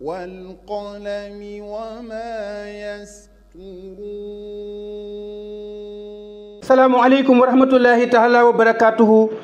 والقلم وما يسطرون السلام عليكم ورحمة الله تعالى وبركاته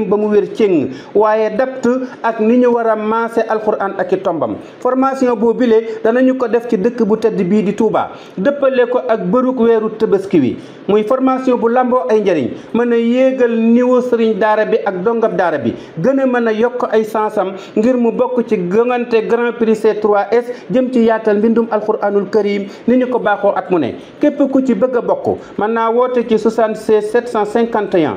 tiim ba mu wér céng waaye dapt ak ni ñu war a maase alxuraan ak i tombam formation boo bile danañu ko def ci dëkk bu tedd bii di Touba dëppale ko ak bërug weeru tëbaski wi muy formation bu lamboo ay njëriñ mën a yéegal niveau sëriñ daara bi ak dongab daara bi gën a mën a yokk ay sansam ngir mu bokk ci gëngante grand prix C3S jëm ci yaatal mbindum alxuraanul karim ni ñu ko baaxoo ak mu ne képp ku ci bëgg a bokk mën naa woote ci 76 751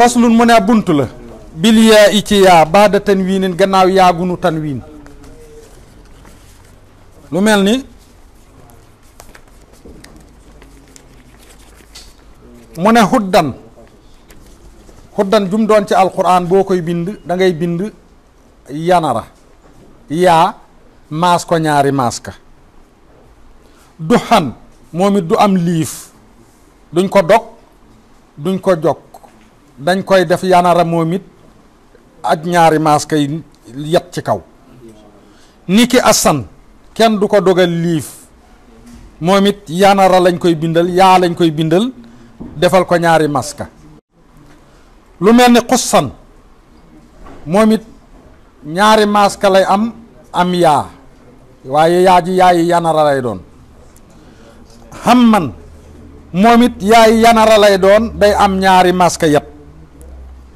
faslun mu ne bunt la bil yaa i ci yaa baada tan gannaaw yaagunu tan wiin lu mel ni mu ne xuddan xuddan jum doon ci alxuraan boo koy bind dangay bind yanara yaa maas ko ñaari maas ka duxan moom it du am liif duñ ko dog duñ ko jog dañ koy def yanara moom it ak ñaari masque yi ci kaw niki asan kenn du ko dogal liif moom it yanara lañ koy bindal yaa lañ koy bindal defal ko ñaari maska lu mel ni xussan moom it ñaari maska lay am am yaa waaye yaa ji yaayi yanara lay doon hamman moom it yaayi yanara lay doon day am ñaari masque yet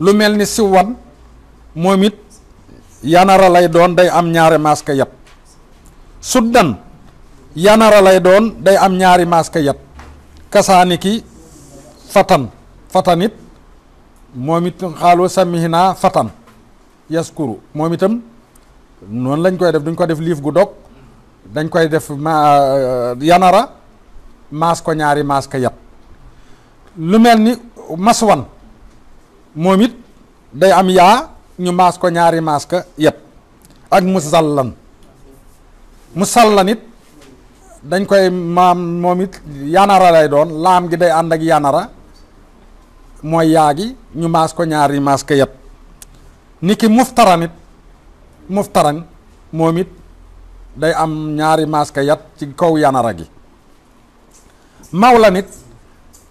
lu mel ni siwan moom it yanara lay doon day am ñaari maska yat suddan yanara lay doon day am ñaari maaska yat kasaaniki fatan fatan it moom it xaalu samihina fatan yaskuru moom itam noonu lañ koy def duñ ko def liif gu dog dañ koy def ma euh, yanara maas ko ñaari maas yat lu mel ni maswan moom it day am yaa ñu maas ko ñaari maas ka yëpp lan musallan musallan it dañ koy maam moom it yanara lay doon laam gi day ànd ak yanara mooy yaa gi ñu maas ko ñaari maas ka yëpp ni ki muftaran it muftaran moom it day am ñaari maas yet ci kaw yanara gi mawla nit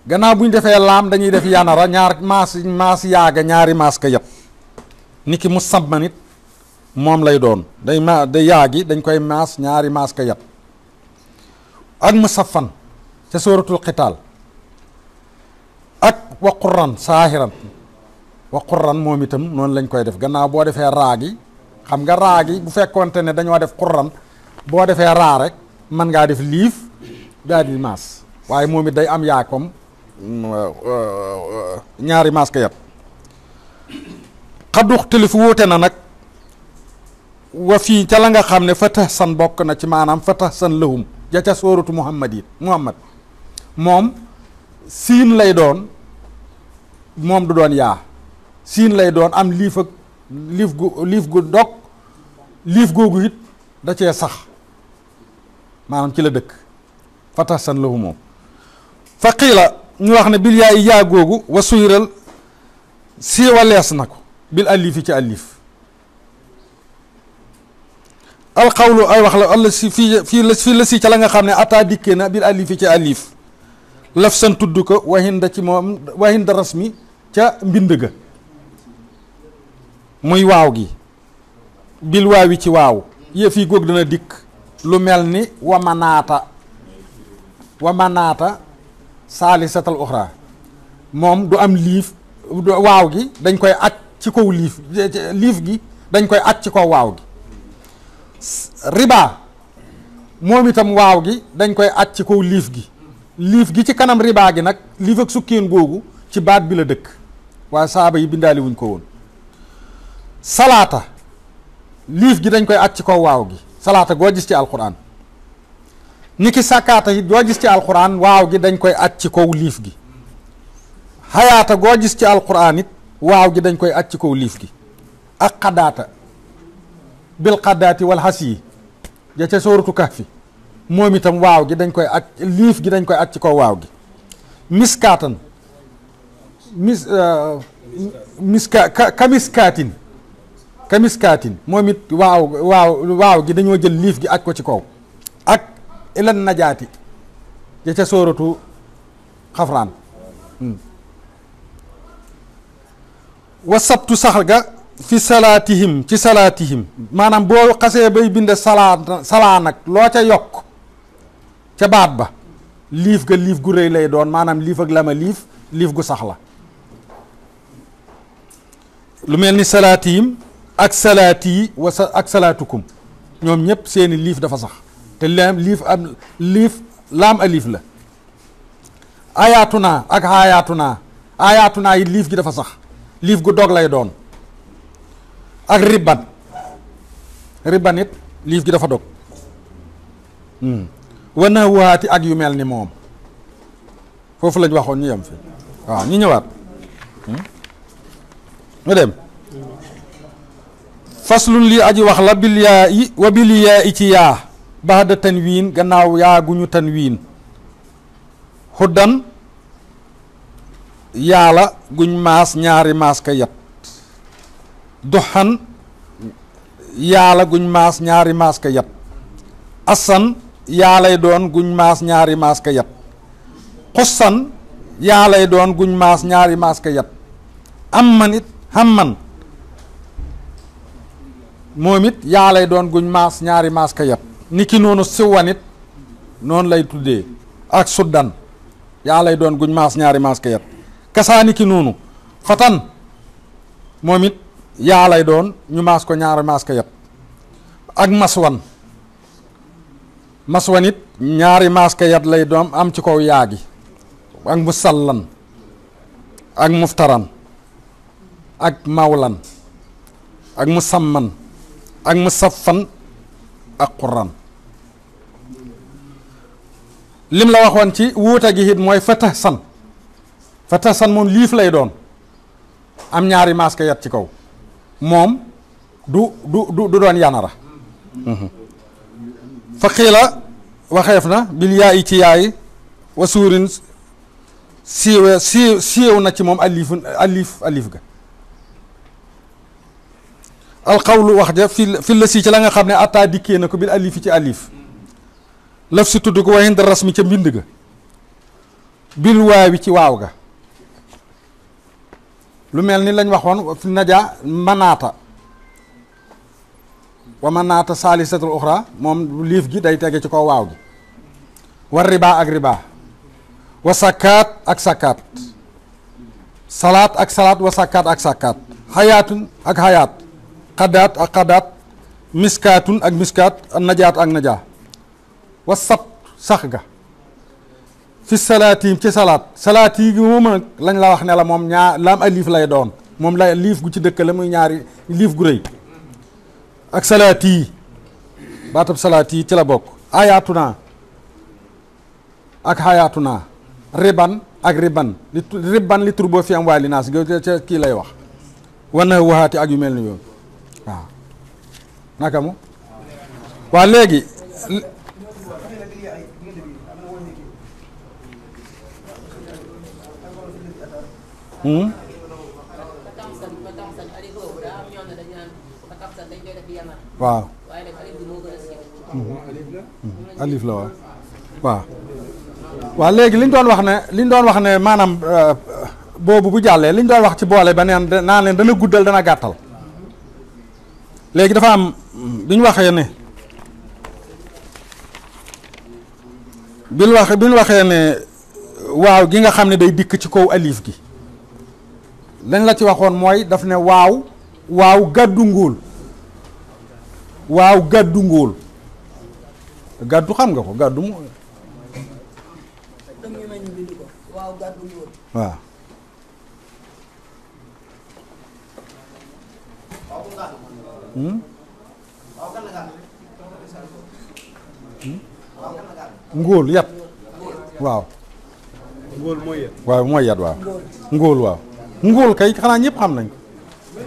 gannaaw bu ñu defee laam dañuy def yanara ñaar maas maas yaaga ñaari maas ka yëpp ki mu samanit moom lay doon day ma day yaagi dañ koy maas ñaari maas ka yëpp ak mu safan ca sóoratul xitaal ak wa quran saahiran wa quran moom itam noonu lañ koy def gannaaw boo defee raagi xam nga raa gi bu fekkonte ne dañoo def quran boo defee raa rek mën ngaa def liif daal di maas waaye moom it day am yaa comme ñaari masque yat xadux tëlifu wuute na nag wa fii ca la nga xam ne fatax san bokk na ci maanaam fatax san lëhum ja ca sóoratu muhammad yi muhammad moom siin lay doon moom du doon yaa siin lay doon am liif ak liif gu liif gu dog liif googu it da cee sax maanaam ci la dëkk fatax san lëhu fa qiila ñu wax ne bil yaay yaa googu wa suyral siiwalees na ko bil alif yi ci alif alqawlu ay wax la alla si fii fii la fii ca la nga xam ne ataa dikkee na bil alif yi ci alif laf san tudd ko wahinda ci moom wahinda rasmi ca mbind ga muy waaw gi bil waawi ci waaw yëf yi góog dana dikk lu mel ni wamanaata wamanaata saalisatal uxra moom du am liif waaw gi dañ koy at ci kaw liif liif gi dañ koy at ci kaw waaw gi riba moom itam waaw gi dañ koy at ci kaw liif gi liif gi ci kanam riba gi nag liif ak sukkeen googu ci baat bi la dëkk waaye saaba yi bindaali ko woon salaata liif gi dañ koy at ci kaw waaw gi salaata goo gis ci alquran ni ki sàkkaata it goo gis ci alquran waaw gi dañ koy at ci kaw liif gi xayaata goo gis ci alquran it waaw gi dañ koy at ci kaw liif gi ak xaddaata bil xadaati wal xas yi ja ca sóoratu kahfi moom itam waaw gi dañ koy at liif gi dañ koy at ci kaw waaw gi miskaatan mis euh, miska kamiskaatin moom it waaw waaw waaw gi dañoo jël liif gi aj ko ci kaw ilan najaati ja ca sóoratu xafraan hmm. wa sabtu sax ga fi salaatihim ci salaatihim maanaam boo xasee bay bind salaat salaa nag loo ca yokk ca baat ba liif ga liif gu rëy lay doon maanaam liif ak lama liif liif gu sax la lu mel ni salaatihim ak salaati wa sa ak salaatukum ñoom ñëpp seeni liif dafa sax te laam liif am liif laam alif la ayaatuna ak ayaatuna ayaatuna yi liif gi dafa sax liif gu dog lay doon ak ribban ribban it liif gi dafa dog hmm. wana waati ak yu mel ni moom foofu lañ waxoon ñu yem fi waaw ñu ñëwaat ñu hmm. dem faslun lii aji wax la bil yaa yi wa bil yaa i yaa baxda tanwiin gannaaw yaa gu ñu wiin xuddan yaala guñ maas ñaari maas ka yat duxan yaala guñ maas ñaari maas ka yat asan yaalay doon guñ maas ñaari maas ka yat xussan yaalay doon guñ maas ñaari maas ka yat amman it hamman moom it yaalay doon guñ maas ñaari maas ka yat ni ki noonu siwanit noonu lay tuddee ak suddan yaa lay doon guñ maas ñaari maas ka yat kasaa ni ki noonu fatan moom it yaa lay doon ñu maas ko ñaari maas ka yat ak maswan maswan it ñaari maas ka yat lay doon am ci kaw yaa gi ak sallan ak muftaran ak mawlan ak mu musamman ak musaffan ak quran lim la waxoon ci wuute gi it mooy fatax san fatax san moom liif lay doon am ñaari masque yat ci kaw moom du du du doon yanara mhm. fa xiila waxeef na bil yaayi ci yaayi wa suurin siiwe siiw siiw na ci moom alifu alif alif ga alqawlu wax ja fi fi la si ci la nga xam ne attaa dikkee na ko bil alifi ci alif laf si tudd ko wayen da rasmi ca mbind ga bil waa wi ci waaw ga lu mel ni lañ waxoon fi naja manaata wa manaata saalisatul uxra moom liif gi day tege ci kaw waaw gi war ribaa ak ribaa wa sakkaat ak sakkaat salaat ak salaat wa sakkaat ak sakkaat xayaatun ak xayaat xadaat ak xadaat ak miskaat najaat ak najaa wa sax ga fi salaatim ci salaat salaat moo moom nag lañ la wax ne la moom ñaar laam alif lay doon moom la liif gu ci dëkk la muy ñaari liif gu rëy ak salaatii baatab salaat ci la bokk ayaatuna ak hayaatuna riban ak riban li riban li turbo fi am waali naas ca kii lay wax na waxaati ak yu mel ni yooyu waaw naka mu waa léegi Hmm? waaw. Hmm. alif la waaw waaw. waaw léegi li ñu doon wax ne li ñu doon wax ne maanaam euh, boobu bu jàllee li ñu doon wax ci boole ba neen naa leen dana guddal dana gàttal léegi dafa am hmm, bi ñu waxee ne bi wax bi ñu waxee ne waaw gi nga xam ne day dikk ci kaw alif gi lañ la ci waxoon mooy daf ne waaw waaw gàddu nguul waaw gàddu nguul gàddu xam nga ko gàddu mu waaw hmm? Hmm? ngóol yat waaw ngóol mooy waaw mooy yat waaw ngóol waaw nguul kay xanaa ñëpp xam nañ ko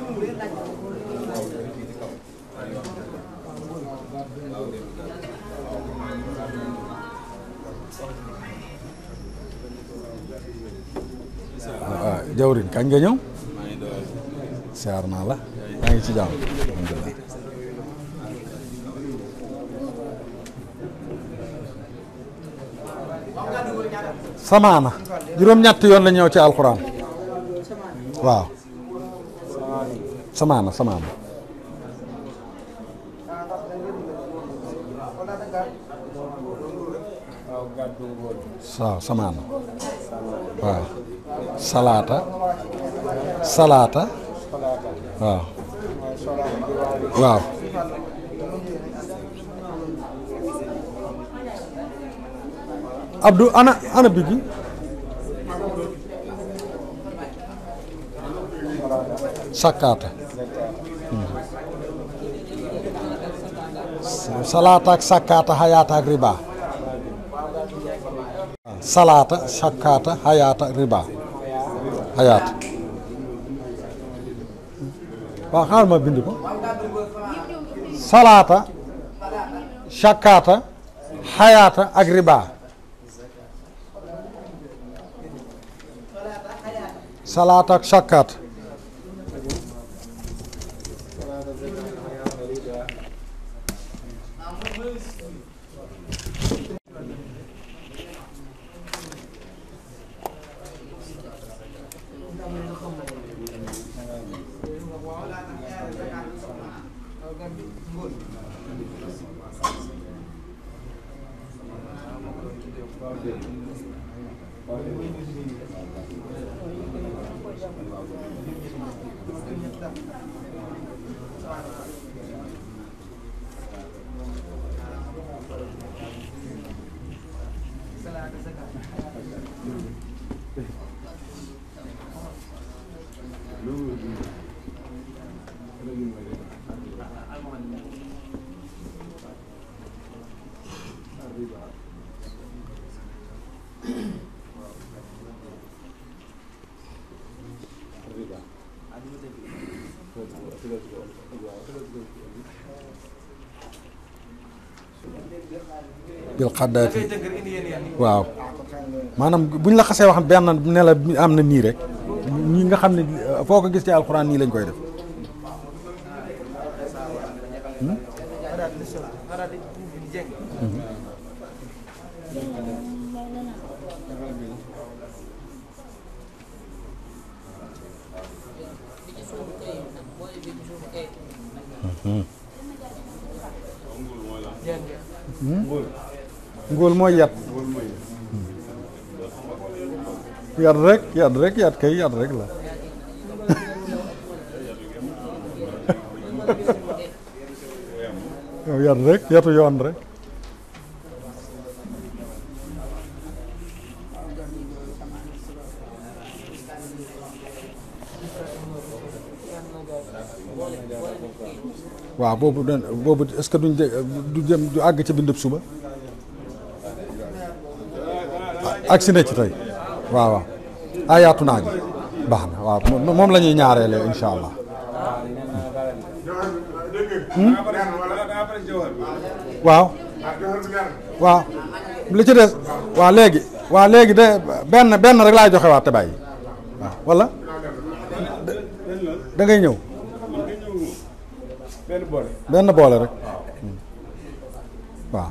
waaw ah, jawrin kañ nga ñëw siyaar naa la maa ngi ci jàmm samaana juróom-ñett yoon la ñëw ci alxuraan waaw samaana samaana waaw salaata salaata waaw waaw Abdou ana ana bi sakkaata hmm. salaatak ak sakkaata xayaata ak riba salaata sakkaata А мы, мы bil xaddaati waaw maanaam bu ñu la xasee wax benn ne la am na nii rek nga xam ne foo ko gis ci alxuraan nii lañ koy def ngóol mooy yat yat rek yat rek yat kay yat rek la yow yat rek yatu yoon rek waaw boobu boobu ce que duñ du àgg ca bindub suba agsi na ci tey waaw waaw naa ji baax na waaw moom lañuy ñuy ñaareele incha allah hmm? Hmm? waaw waaw li ci des waaw léegi waaw léegi de benn benn rek laay joxe waat bàyyi waaw wala dangay ñëw benn boole rek hmm. waaw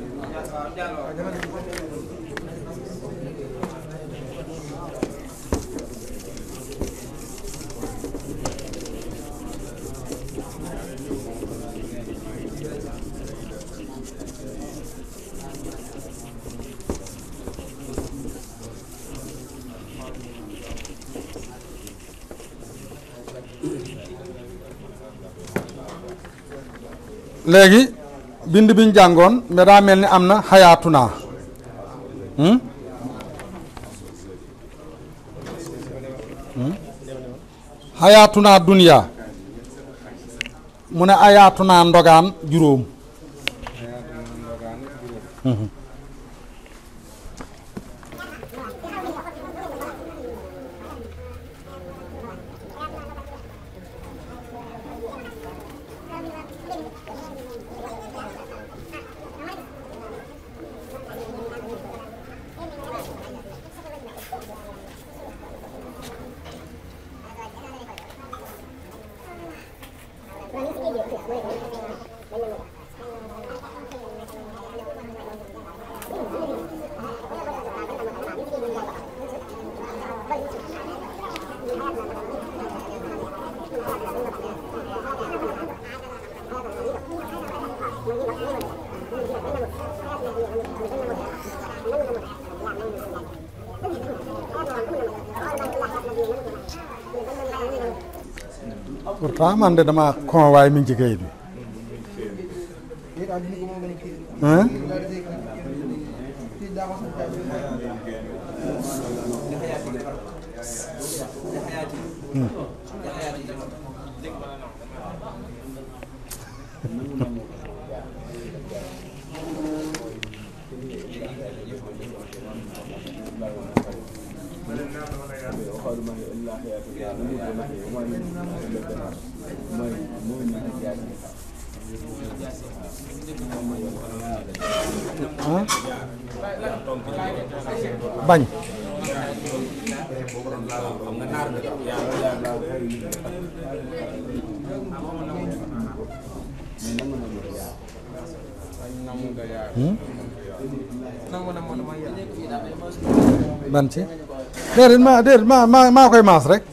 léegi bind biñ jàngoon mais mel ni am na xayaatu naa hmm? Hmm? xayaatu naa duniyaa mu ne ayaatu naa ndogaan juróom. Hmm. pourtant man de dama convoyé mi ngi ci kayit bañ ban hmm? ci déedéet maa déedéet maa maa maa maas rek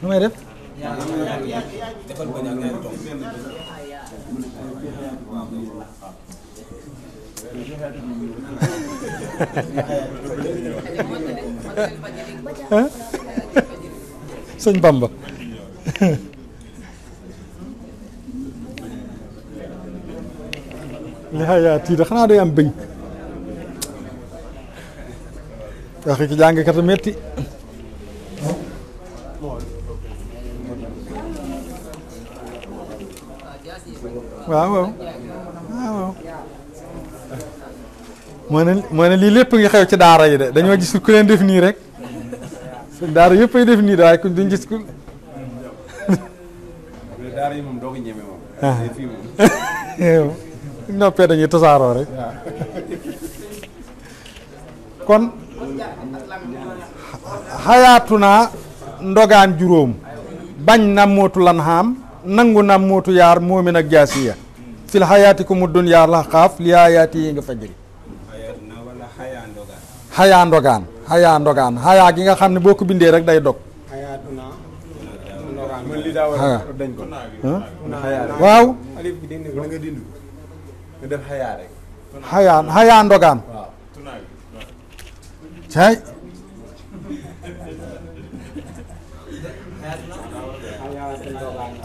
nu may def sëñ Bamba li xayaat da xanaa day am bëñ waxi ci jàngkat a metti waaw moo ne moo ne lii lépp ngi xew ci daara yi de dañoo gis ku leen def nii rek daara yëpp ay def nii de waaye yi moom doo ko ñeme moom ah. noppee dañuy tasaaroo rek kon xayaatu naa ndogaan juróom bañ na mootu lan xaam nangu na mootu yaar moomin ak jaasiya fil xayaati ku mu dun yaar la xaaf li xayaati yi nga fajri xayaa ndogaan xayaa ndogaan xayaa gi nga xam ne boo ko bindee rek day dog waaw xayaa xayaa ndogaan cay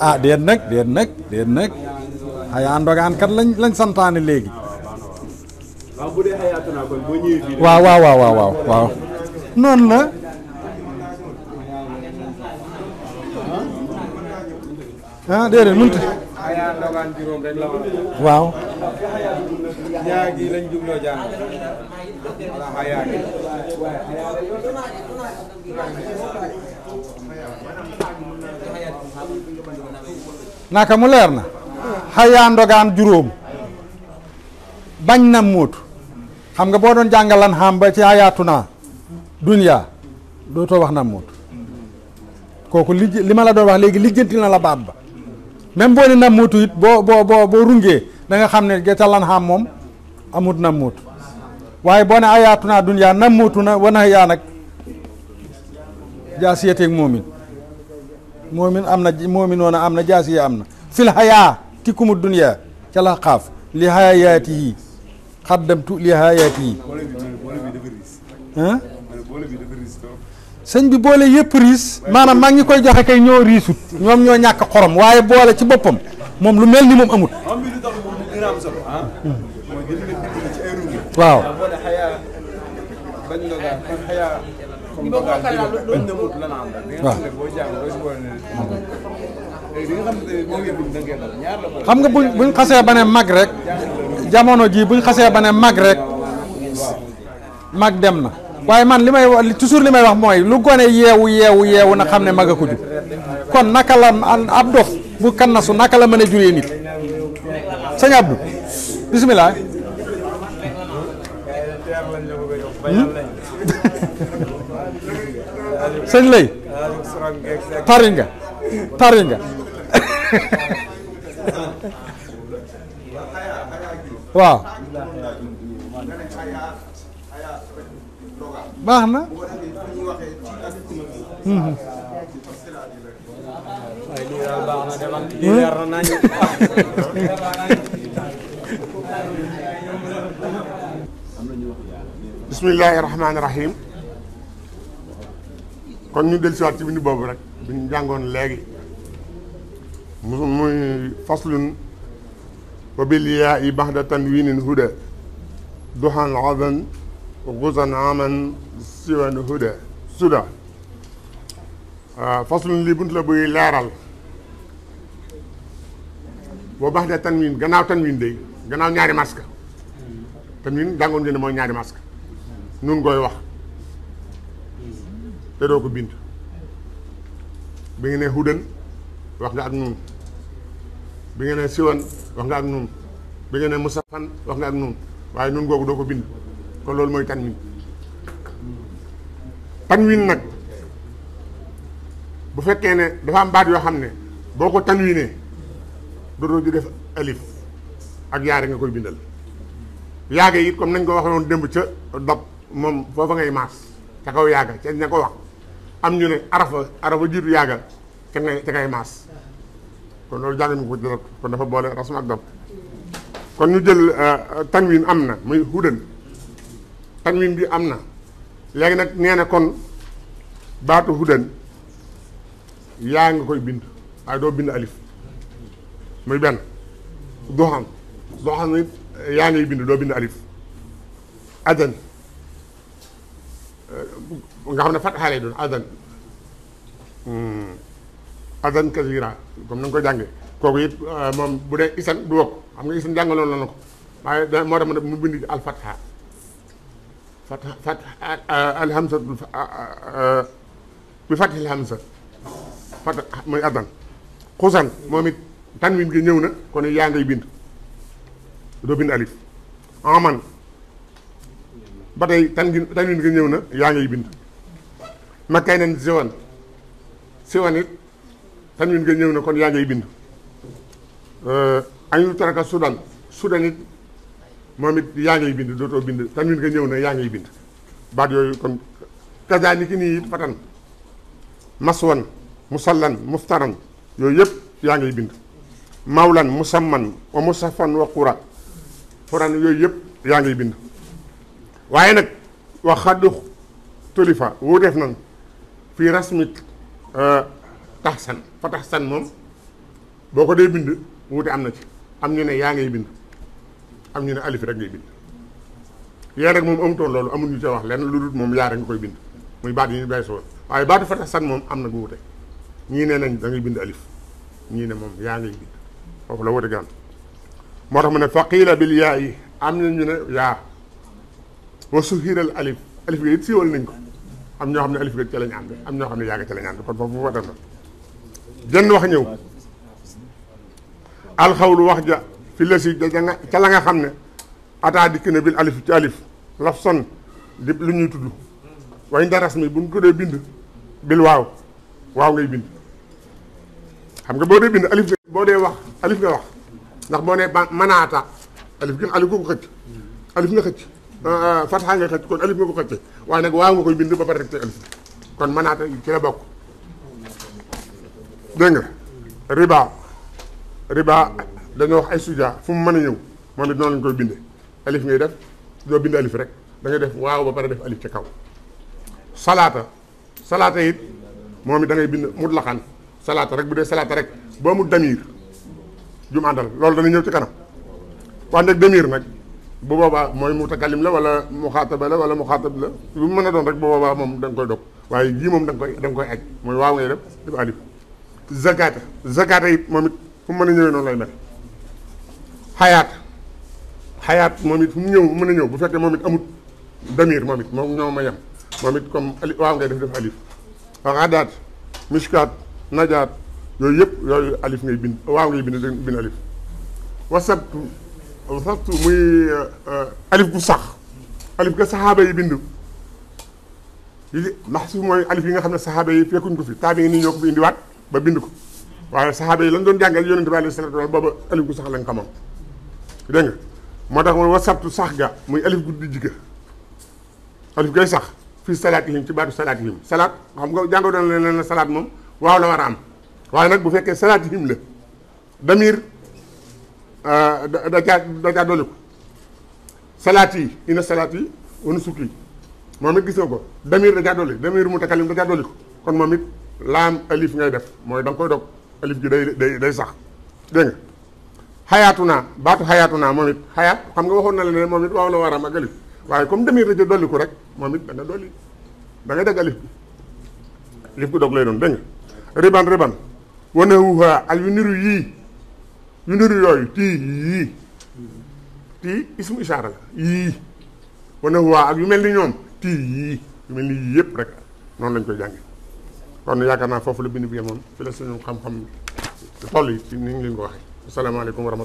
ah déet nag déet nag déet nag xayaa ndogaan kat lañ lañ santaane léegi waaw bu dee waaw waaw waaw waaw waaw. noonu la. ah déedéet mënut a. waaw. naka mu leer na. xayaa ndogaan juróom. bañ na mootu. xam nga boo doon jàngalan xam ba ci ayaatu naa dunya dootoo wax nammuut kooku li li ma la doon wax léegi lijjanti na la baat ba même boo ne nammuutu it boo boo boo boo rungee da xam ne ge ca lan xam moom amut nammuut waaye boo ne ayaatu naa dunya nammuutu na wana yaa nag jaasiyeteeg moomin moomin am na moominoona am na jaasiye am na fil hayaa tikkumu dunya ca la xaaf li hayaati yi xaddamtu li hayaat yi sëñ bi boole yëpp riis maanaam maa ngi koy joxe kay ñoo riisut ñoom ñoo ñàkk xorom waaye boole ci boppam moom lu mel ni moom amut waaw waaw xam nga bu buñ xasee ba ne mag rek jamono jii buñ xasee ba ne mag rek mag dem na waaye man li may wax toujours li may wax mooy lu gone yeewu yeewu yeewu na xam ne mag a ko kon naka la ab dof bu kan nasu naka la mën a juree nit sëñ Abdou bisimilah. Hmm? sëñ lay tari nga waaw baax na mhm. bismillaahi rahmaani rahiim kon ñu dellusiwaat ci bindu boobu rek bi ñu jàngoon léegi muy faslun wa bil yaa bax baxda tanwinin huda duxan azan gusan aman siwan huda suda ah, faslun lii bunt la buy leeral wa baxda tanwin gannaaw tanwin day gannaaw ñaari maska tanwin jàngoon ngeen ne mooy ñaari maska nun koy wax te doo ko bind bi ngi ne hudan wax nga ak ñun bi nga siwan wax nga ak ñun bi nga ne musafan wax nga ak ñun waaye nun googu doo ko bind kon loolu mooy tanwin tanwin nag bu fekkee ne dafa am baat yoo xam ne boo ko tanwinee dootoo ju def alif ak yaari nga koy bindal yaaga yi comme nañ ko waxee woon démb ca dopp moom foofa ngay maas ca kaw yaaga ca ña ko wax am ñu ne arafa arafa jiitu yaaga kenn te ngay maas kon loolu jàng mi ko jëlat kon dafa boole rasm ak dam kon ñu jël euh, euh, tanwin am na muy hudan tanwin bi am na léegi nag nee kon baatu hudan yaa ngi koy bind waaye doo bind alif muy benn doxan doxan it euh, yaa ngay bind doo bind alif adan xam ne fat xaale doon adan hmm. adan kasira comme na nga ko jàngee kooku it euh, moom bu dee isan du wokk xam nga isan jàngaloon na ko waaye da moo tax ma mu bind euh, mooy euh, adan xusan ñëw na kon yaa ngay bind doo alif aman ba tey tanwin tanwin gi ñëw na yaa ngay bind makay nen siwan siwan it tamit nga ñëw ne kon yaa ngay bind euh, añu taraka sudan sudan moom it yaa ngay bind dootoo bind tamit nga ñëw ne yaa ngay bind baat yooyu kon kaza ni ki nii it fatan maswan musallan muftaran yooyu yëpp yaa ngay bind mawlan musamman wa musafan wa qura quran yooyu yëpp yaa ngay bind waaye nag wax xaddu tulifa woo def nan fii rasmit euh, tax san fa tax moom boo ko dee bind wuute am na ci am ñu ne yaa ngay bind am ñu ne alif rek ngay bind yaa rek moom amutoon loolu amul ñu ci wax lenn lu dul moom yaa rek koy bind muy baat yi ñu bàyyi sowoon waaye baatu fa tax moom am na gu wuute ñii ne nañ da bind alif ñii ne moom yaa ngay bind foofu la wuute gaan moo tax mu ne faqiila bil yaa yi am na ñu ne yaa wa suhiral alif alif ga it siiwal nañ ko am ñoo xam ne alif ga ca lañ ànd am ñoo xam yaa nga ca jënn wax ñëw alxawlu wax ja fi si ca la nga xam ne ataa dikk na bil alif ci alif laf son di lu ñuy tudd wañ daras mi buñ ko dee bind bil xam nga boo dee bind alif boo dee wax alif nga wax ndax boo ne manaata alif gën alif nga ko xëcc alif nga xëcc ah, ah, fatxa nga xëcc kon alif nga ko xëcc waaye nag waaw nga koy bind ba pare rek te alif kon manaata ci la bokk dégg nga riba riba dañoo wax ay suja fu mu mën a ñëw moom it noonu lañ koy bindee alif ngay def doo bind alif rek da def waaw ba pare def alif ca kaw salaata salaata yit moom it dangay ngay bind mut laxaan salaata rek bu dee salaata rek boo mu damir jum àndal loolu dana ñëw ci kanam wax nag damir nag bu boobaa mooy mutakalim la wala muxaataba la wala muxaatab la lu mu mën a doon rek bu boobaa moom da nga koy dog waaye jii moom da nga koy da koy aj mooy waaw zakaata zakaata it moom it fu mu mën a ñëwee noonu lay mel xayaat xayaat moom it fu mu ñëw mën a ñëw bu fekkee moom it amut damir moom it moom ñoo ma yem moom it comme ali waaw ngay def def alif waaw adaat mishkaat najaat yooyu yëpp yooyu alif ngay bind waaw ngay bind bind alif wasabtu wasabtu muy euh, euh, alif bu sax alif ga saxaaba yi bind yi ndax su mooy alif yi nga xam ne saxaaba yi fekkuñ ko fi taabi ni ñoo ko fi indiwaat ba bind ko waaye saxaaba yi lañ doon jàngal yonente bi alayhi salaatu wa booba alif gu sax lañ xamoon dégg nga moo tax man wasabtu sax ga muy alif gu dijj ga alif gay sax fii salaat yim ci baatu salaat yi salaat xam nga jàngoo doon leen ne moom waaw la war am waaye nag bu fekkee salaat yim la damir euh, da caa da dolli ko salaat yi ina salaat yi wana sukk moom it gis nga ko damir da caa dolli damir mutakalim da caa moom it laam alif ngay def mooy da koy dog alif gi day day day sax dégg xayaatu naa baatu xayaatu naa moom it xayaat xam nga waxoon na la ne moom it waaw waram ak alif waaye comme demir la de dolli ko rek moom it da nga dolli da dagg alif gi alif gi dog lay doon dégg nga riban riban wane wuha ak yu niru yii yu niru yooyu tii yii tii ismu ishaara yii wane wuha ak yu mel ni ñoom tii yii yu mel ni yii yëpp rek noonu lañ koy jànge kon yaakaar naa foofu la bind bi moom fi la suñu xam-xam toll yi ci ni ñu leen waxee asalaamaaleykum wa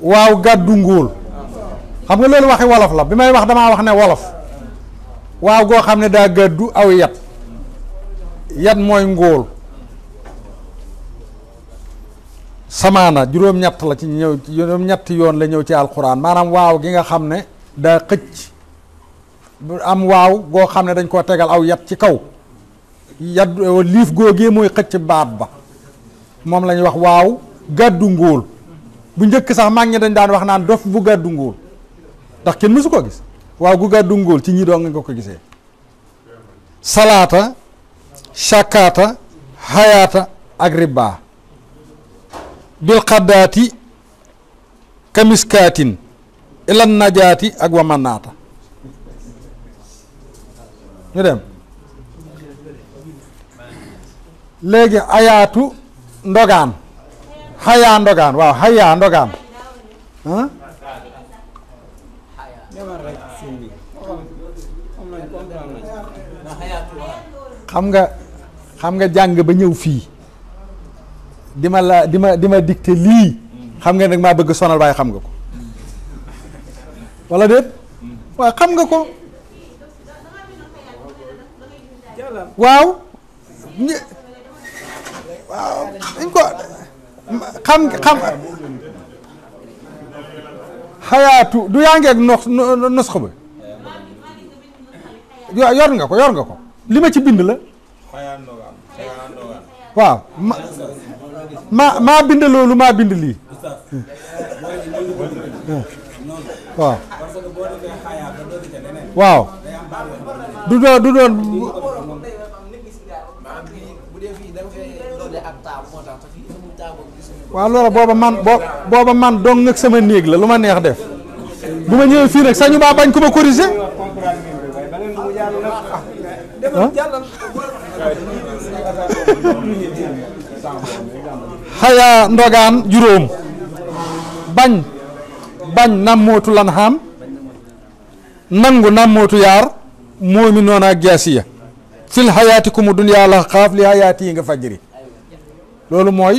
waaw gàddu ngóol xam nga loolu waxi wolof la bi may wax damaa wax ne wolof waaw goo xam ne daa gàddu aw yat yat mooy ngóol samaana juróom-ñett la ci ñëw juróom-ñetti yoon la ñëw ci alquran maanaam waaw gi nga xam ne daa xëcc am waaw goo xam ne dañ koo tegal aw yat ci kaw yadd eh, liif googee mooy xëcc baat ba moom la wax waaw gàddu ngóol bu njëkk sax mag ñi dañ daan wax naan dof bu gàddu ngóol ndax kenn mësu ko gis waaw gu gàddu ngóol ci ñi doon nga ko gisee salaata shakaata hayaata ak riba bil xaddaati kamiskaatin ilan najaati ak wamanaata ñu dem léegi ayaatu ndogaan xayaa ndogaan waaw xayaa ndogaan xam nga xam nga jàng ba ñëw fii di ma la di ma di ma dicté lii xam nga nag maa bëgg sonal waaye xam nga ko wala déet waaw xam nga ko waaw waaw dañ ko xam xam xayaatu du yaa ngeeg nox nosx ba yor nga ko yor nga ko li ma ci bind la waaw ma maa maa loolu maa bind lii waaw du doon du doon waaw loolu booba man booba man dong ak sama néeg la lu ma neex def bu ma ñëwee fii nag sañu baa bañ ku ma korise xayaa ndogaan juróom bañ bañ nammootu lan xam nangu nammootu yaar moomi noon ak jaasiya fil xayaati kumu duniyaa la xaaf li xayaati yi nga fajri loolu mooy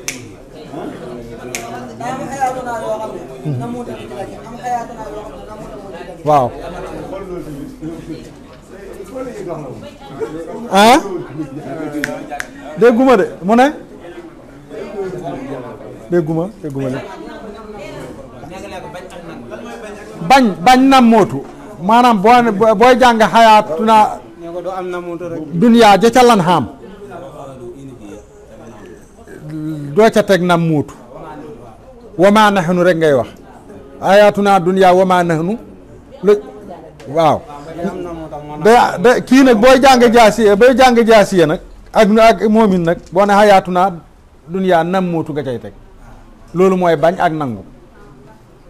waaw. ah. dégguma de mu ne. dégguma dégguma de. bañ bañ na mootu maanaam boo booy jàng na duniyaa ja ca lan xaam doo ca teg na muutu wa maa naxnu rek ngay wax ayaatuna dunya wa maa naxnu lu waaw da kii nag booy jàng jaasiya booy jàng jaasiya nag ak ak nag boo ne ayaatuna dunya nam mootu nga cay teg loolu mooy bañ ak nangu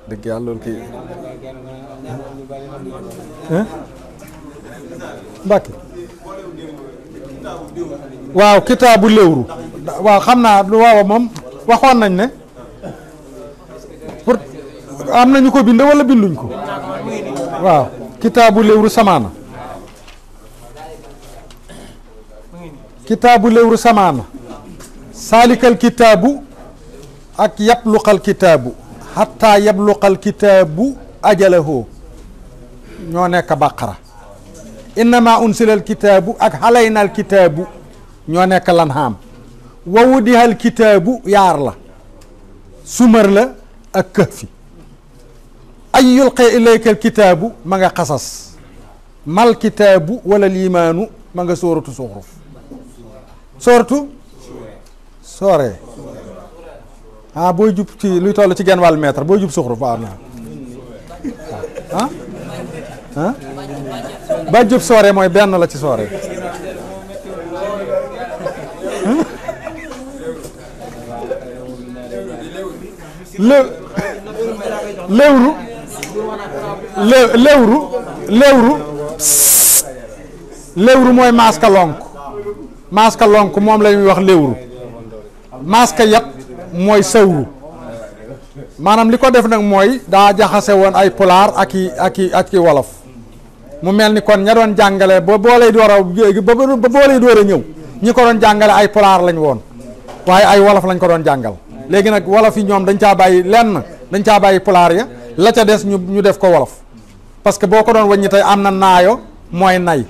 dëgg waaw kitaabu léwru waaw xam naa lu waaw moom waxoon nañ ne am nañu ko bind wala binduñ ko waaw kitaabu léewru samaana kitaabu léewru samaana saalikal kitaabu ak yabluqal kitaabu xataa yabluqal kitaabu ajalahoo ñoo nekk bàqara innama unsilal kitaabu ak xalaynal kitaabu ñoo nekk lan xaam wawudihal kitaabu yaar la sumër la ak këf ay yulqee ilayka alkitaabu ma nga xasas mal kitaabu wala liimaanu ma nga sóoratu suxruf sóoratu sooree ah booy jub ci luy toll ci genn wàll mètre booy jub suxruf waaw naa ah? ah ba jub sooree mooy benn la ci sooree léew léewru le lewru lewru lewru mooy maaska lonk maaska lonk moom lañuy wax lewru maaska yat mooy sëwru maanaam li ko def nag mooy daa jaxase woon ay pulaar ak i ak i ak i wolof mu mel ni kon ña doon jàngale ba boo lay door a ba boo lay door a ñëw ñi ko doon jàngale ay pulaar lañ woon waaye ay wolof lañ ko doon jàngal léegi nag wolof yi ñoom dañ caa bàyyi lenn dañ caa bàyyi pulaar ya la ca des ñu ñu def ko wolof parce que boo ko doon wàññi tey am na naayo mooy nay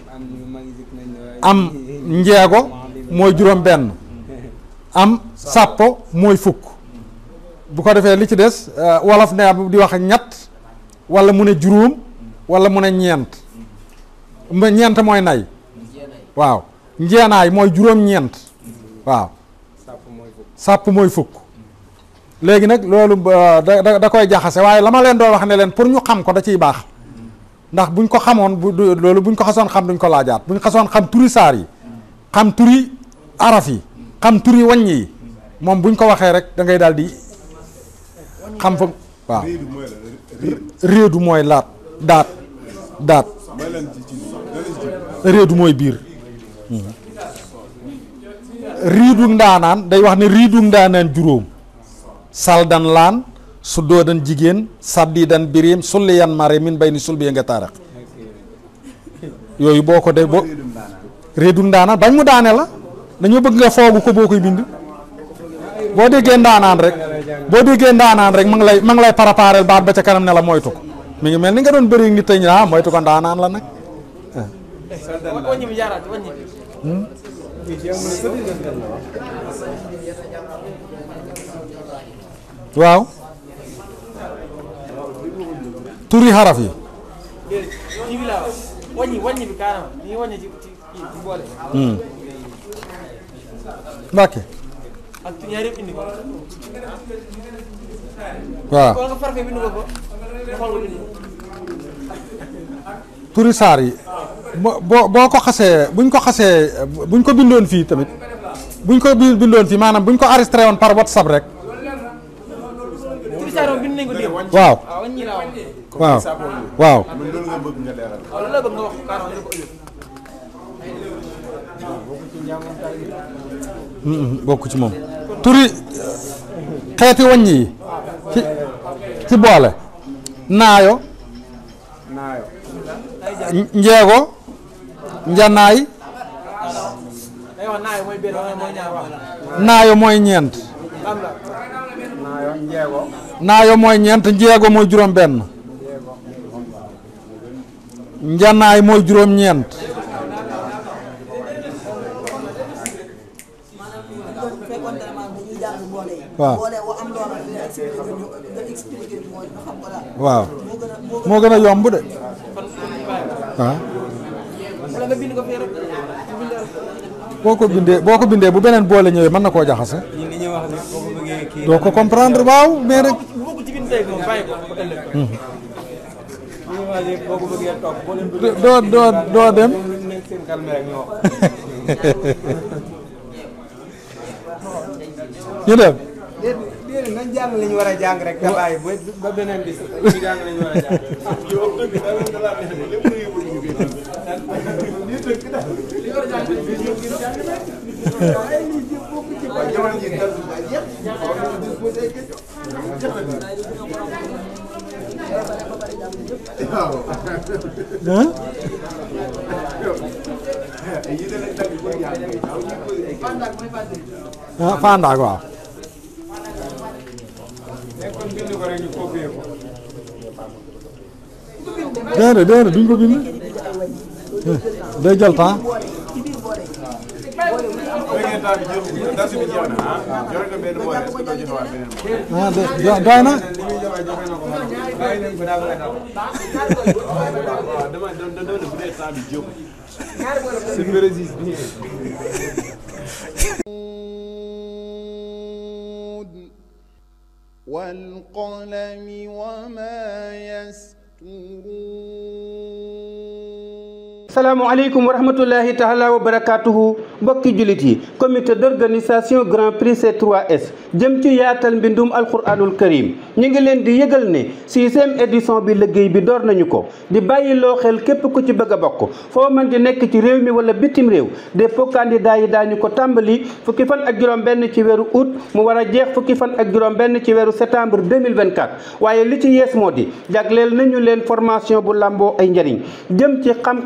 am njeego mooy juróom benn am sàppo mooy fukk bu ko defee li ci des euh, wolof ne di wax ñett wala mu ne juróom wala mu ne ñeent ñeent mooy nay waaw njeenaay mooy juróom ñeent waaw sàpp mooy fukk léegi nag loolu euh, da da koy jaxase waaye lama leen doon wax ne leen pour ñu xam ko da ciy baax ndax buñ ko xamoon bu loolu buñ ko xasoon xam duñ ko laajaat ñu xasoon xam turi saar yi xam turi araf yi xam turi wañ yi moom buñ ko waxee rek da ngay daal di xam fa réedu mooy laat daat daat réedu mooy biir daa naan day wax ne riidu ndaanaan juróom su laan suddoodan jigéen saddiidan biriim sulliyan mare min bay ni sulbiya nga taaraq yooyu boo ko de boo réedu ndaanaan bañ mu daane la dañoo bëgg nga foogu ko boo koy bind boo déggee ndaanaan rek boo déggee rek ma ngi lay ma ngi lay préparel baat ba ca kanam ne la moytu ko mi ngi mel ni nga doon bëri nit ñi ah moytu ko ndaanaan la nag waaw turi xaraf yi. Hmm. Mbàkke. waaw. turi saar yi boo boo ko xasee buñ ko xasee buñ ko bindoon fii tamit buñ ko bindoon fii maanaam buñ ko enregistré woon par sab rek. waaw waaw waaw bokk ci moom turi euh, xeeti wàññi yi ci ci boole naayo njeego njanaay naayo mooy ñeent naayo naayo mooy ñeent njeego mooy juróom benn njanaay mooy juróom ñeent waaw moo gën a yomb de boo ko bindee boo ko bindee bu beneen boole ñëwee mën na koo jaxase doo ko comprendre waaw mais rek sëy moom bàyyi ko dem. ñu war a jàng rek. te bàyyi ba ah. ah Fanda waaw. déedéet déedéet duñ ko bind. day jël temps bi jël tas bi jeex na ah joxe nga benn boole est-ce que doo joxewaat beneen boole. ah de doy na. waaw dama dama ne bu dee temps bi jóg. suñu résiste bi. والقلم وما يسطرون salaamaaleykum wa rahmatullahi taala wa barakaatuhu mbokki jullit yi comité d' organisation grand prix C3S jëm ci yaatal mbindum alquranul karim ñu ngi leen di yëgal ne sixième édition bi liggéey bi door nañu ko di bàyyi loo xel képp ku ci bëgg a bokk foo mën di nekk ci réew mi wala bitim réew dépôt candidat yi daañu ko tàmbali fukki fan ak juróom benn ci weeru août mu war a jeex fukki fan ak juróom benn ci weeru septembre 2024 waaye li ci yees moo di jagleel nañu leen formation bu lamboo ay njëriñ ci xam